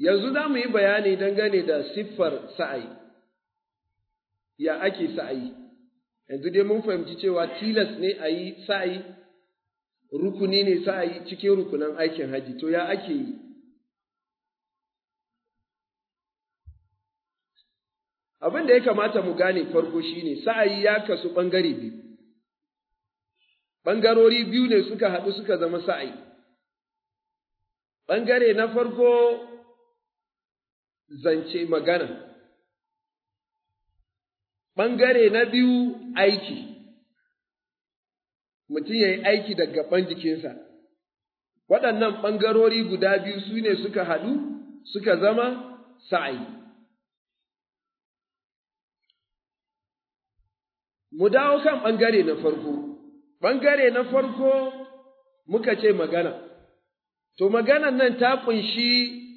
Yanzu za mu yi bayani dangane da siffar sa'ayi, ya ake sa'ayi, yanzu dai mun fahimci cewa tilas ne a yi sa'ayi, rukuni ne sa'ayi cikin rukunan aikin haji, to ya ake yi. Abin da ya kamata mu gane farko shi ne, sa'ayi ya kasu ɓangare biyu, ɓangarori biyu ne suka haɗu suka zama sa'ayi. Ɓangare na farko zance magana. Ɓangare na biyu aiki, mutum ya yi aiki daga gaban jikinsa. Waɗannan ɓangarori guda biyu su ne suka haɗu suka zama sa'ayi. Mu dawo kan ɓangare na farko, ɓangare na farko muka ce magana, to magana nan ta ƙunshi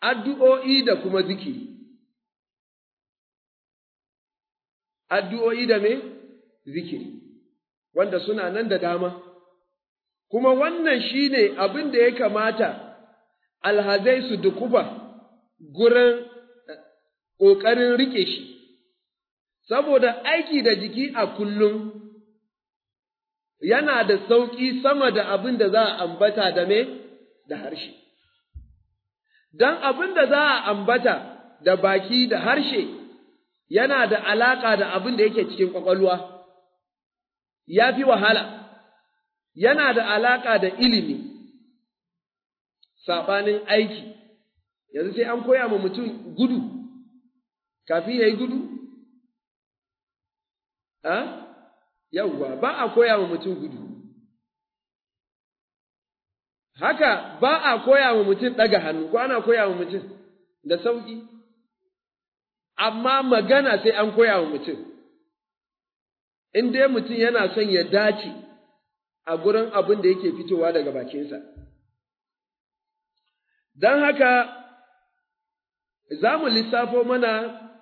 addu'o'i da kuma zikiri. Addu'o'i da me? Zikiri, wanda suna nan da dama. Kuma wannan shi ne abin da ya kamata alhazai su dukuba gurin eh, ƙoƙarin riƙe shi, saboda aiki da jiki a kullum yana da sauƙi sama da abin da za a ambata da me da harshe. don abin da za a ambata da baki da harshe yana da alaƙa da abin da yake cikin ƙwaƙwalwa, ya fi wahala, yana da alaƙa da ilimi, saɓanin aiki, yanzu sai an koya ma mutum gudu, kafin ya yi gudu? Ha? Yawwa, ba a koya ma mutum gudu. Haka ba a koya wa mutum ɗaga hannu, ko ana koya wa mutum da sauƙi, amma magana sai an koya wa mutum. In dai mutum yana son ya dace a gurin abin da yake fitowa daga bakinsa. Don haka, za mu lissafo mana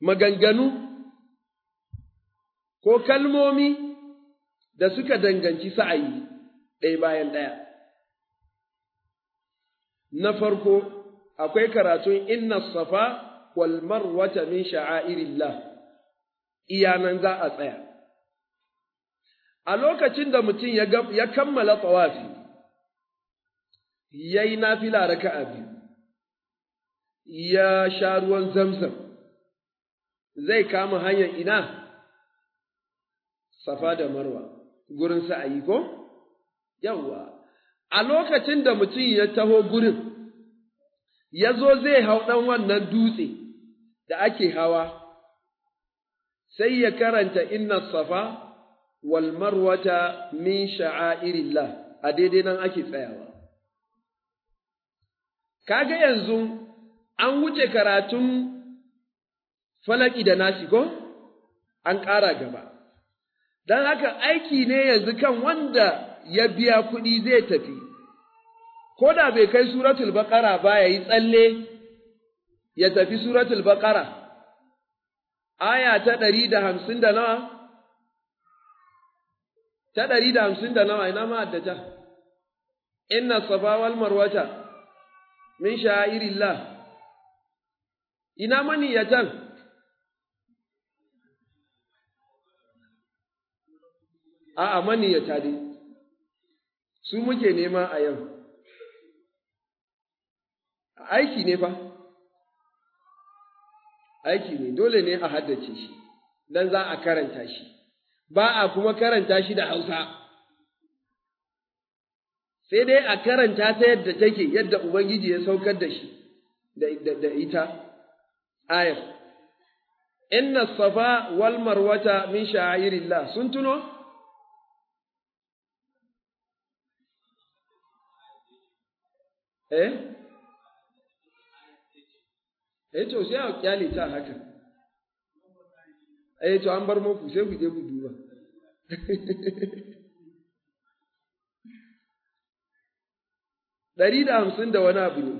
maganganu ko kalmomi da suka danganci sa'ayi ɗaya bayan ɗaya. na farko akwai karatun inna safa wal marwata min sha'airillah nan za a tsaya a lokacin da mutum ya kammala tsawafi ya yi nafila raka'a biyu ya sha ruwan zamzam zai kama hanyar ina safa da marwa gurin sa'ayi ko yawwa a lokacin da mutum ya taho gurin ya zo zai hau ɗan wannan dutse da ake hawa, sai ya karanta inna safa wal marwata min sha'airillah a daidai nan ake tsayawa. Kaga yanzu an wuce karatun falaki da nashi ko? An ƙara gaba. Don haka aiki ne yanzu kan wanda ya biya kuɗi zai tafi. ko da bai kai suratul baqara ba ya yi tsalle ya tafi suratul baqara aya ta ɗari da hamsin da nawa ta ɗari da hamsin da nawa ina ma'addata inna safa wal marwata min sha'irillah ina maniyatan a'a ya tare. su muke nema a yau aiki ne fa, aiki ne, dole ne a haddace shi, don za a karanta shi, ba a kuma karanta shi da Hausa, sai dai a karanta ta yadda take, yadda Ubangiji ya saukar da shi, da ita, ayar. Inna safa wal marwata min sha'irillah sun tuno? Eh? eh to sai a kyale ta haka eh to an bar muku sai ku je ku duba ɗari da hamsin da wani abu ne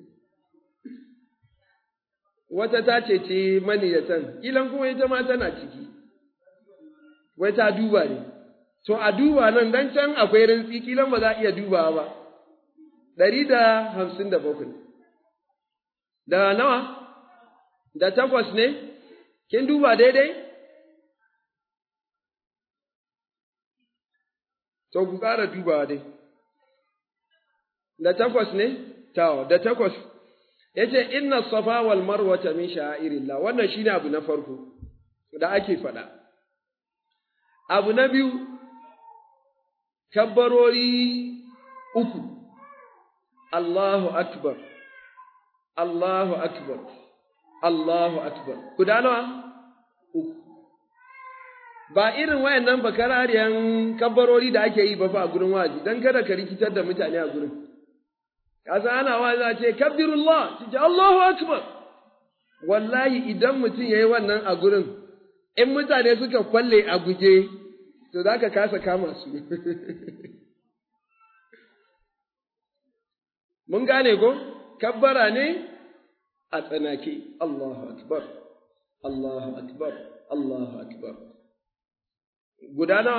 wata ta ce cece maniyatan ƙilan kuma ita ma tana ciki wai ta duba ne to a duba nan dan can akwai rantsi ƙilan ba za a iya dubawa ba ɗari da hamsin da bakwai da nawa da takwas ne kin duba daidai to ku ƙara duba dai da takwas ne tawa da takwas yace inna safa wal marwa min sha'irillah wannan shine abu na farko da ake faɗa abu na biyu kabbarori uku Allahu akbar Allahu akbar Allahu akbar ku nawa uku ba irin wayannan bakarariyan kabbarori da ake yi ba fa a gurin waji dan kada ka rikitar da mutane a gurin kaza ana wazi a ce kabbirullah ce Allahu akbar wallahi idan mutum yayi wannan a gurin in mutane suka kwalle a guje to zaka kasa kama su mun gane ko kabbara ne a tsanake Allahu akbar Allahu akbar Allahu akbar gudana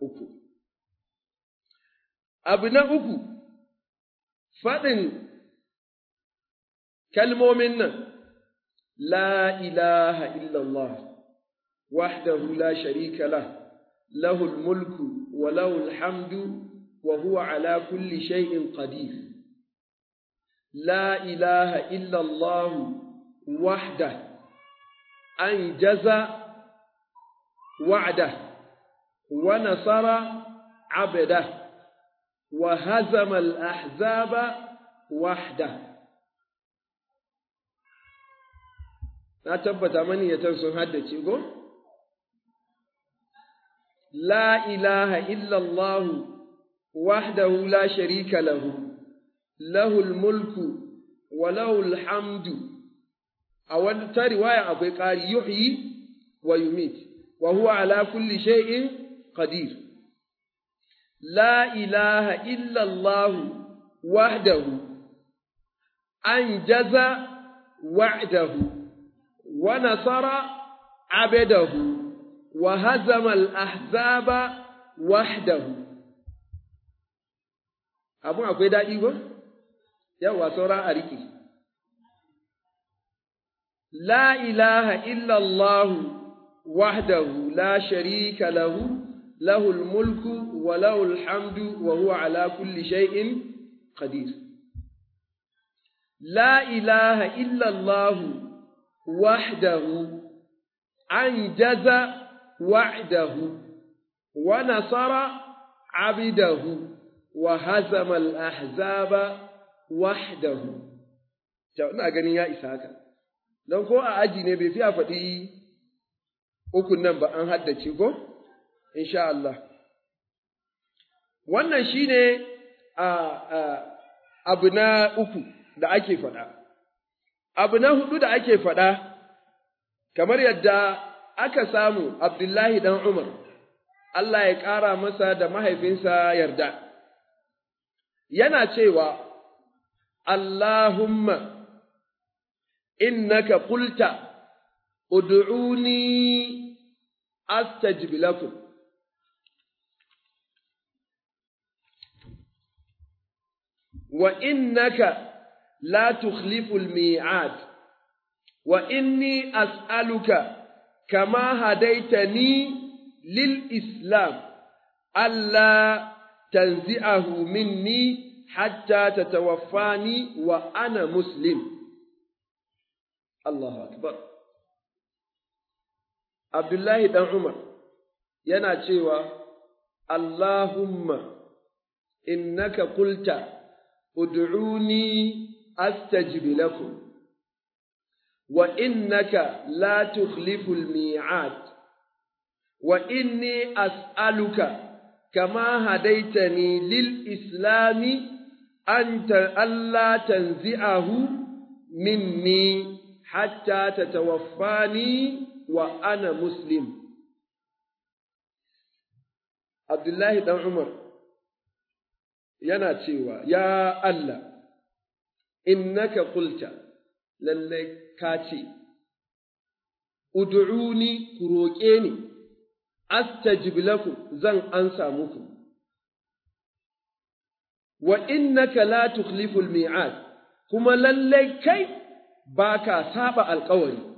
uku abu na uku faɗin kalmomin nan la ilaha illallah wahdahu la sharika lah wa الملك وله الحمد وهو على كل شيء قدير لا إله إلا الله وحده أنجز وعده ونصر عبده وهزم الأحزاب وحده لا تبت من يتنسو هذا تيقو لا إله إلا الله وحده لا شريك له له الملك وله الحمد أود ترى واي أقول يحيي ويميت وهو على كل شيء قدير لا إله إلا الله وحده أنجز وعده ونصر عبده وهزم الأحزاب وحده أبو عقيدة إيوه yawa saura a riƙe la ilaha illallahu wahdahu la sharika lahu lahul mulku wa lahul hamdu wa huwa ala kulli shay'in qadir la ilaha illallahu wahdahu anjaza wa'dahu wa nasara عبده وهزم الأحزاب wahdahu ta ina ganin ya isa haka don ko a aji ne bai fi a faɗi ukun nan ba an haddace ko insha Allah wannan shine a abu na uku da ake faɗa abu na hudu da ake faɗa kamar yadda aka samu Abdullahi dan Umar Allah ya ƙara masa da mahaifinsa yarda yana cewa اللهم إنك قلت ادعوني أستجب لكم وإنك لا تخلف الميعاد وإني أسألك كما هديتني للإسلام ألا تنزعه مني حتى تتوفاني وأنا مسلم الله أكبر عبد الله بن عمر ينا تشيوى اللهم إنك قلت ادعوني أستجب لكم وإنك لا تخلف الميعاد وإني أسألك كما هديتني للإسلام Anta Allah tanzi'ahu minni hatta tatawaffani wa ana muslim. Abdullahi Dan Umar yana cewa, Ya Allah, innaka kulta lallai ka ce, Udu'uni ku roƙe ni, astajib lakum zan ansa muku. wa innaka la tukhliful mi'ad kuma lallai kai ba ka saba alƙawari.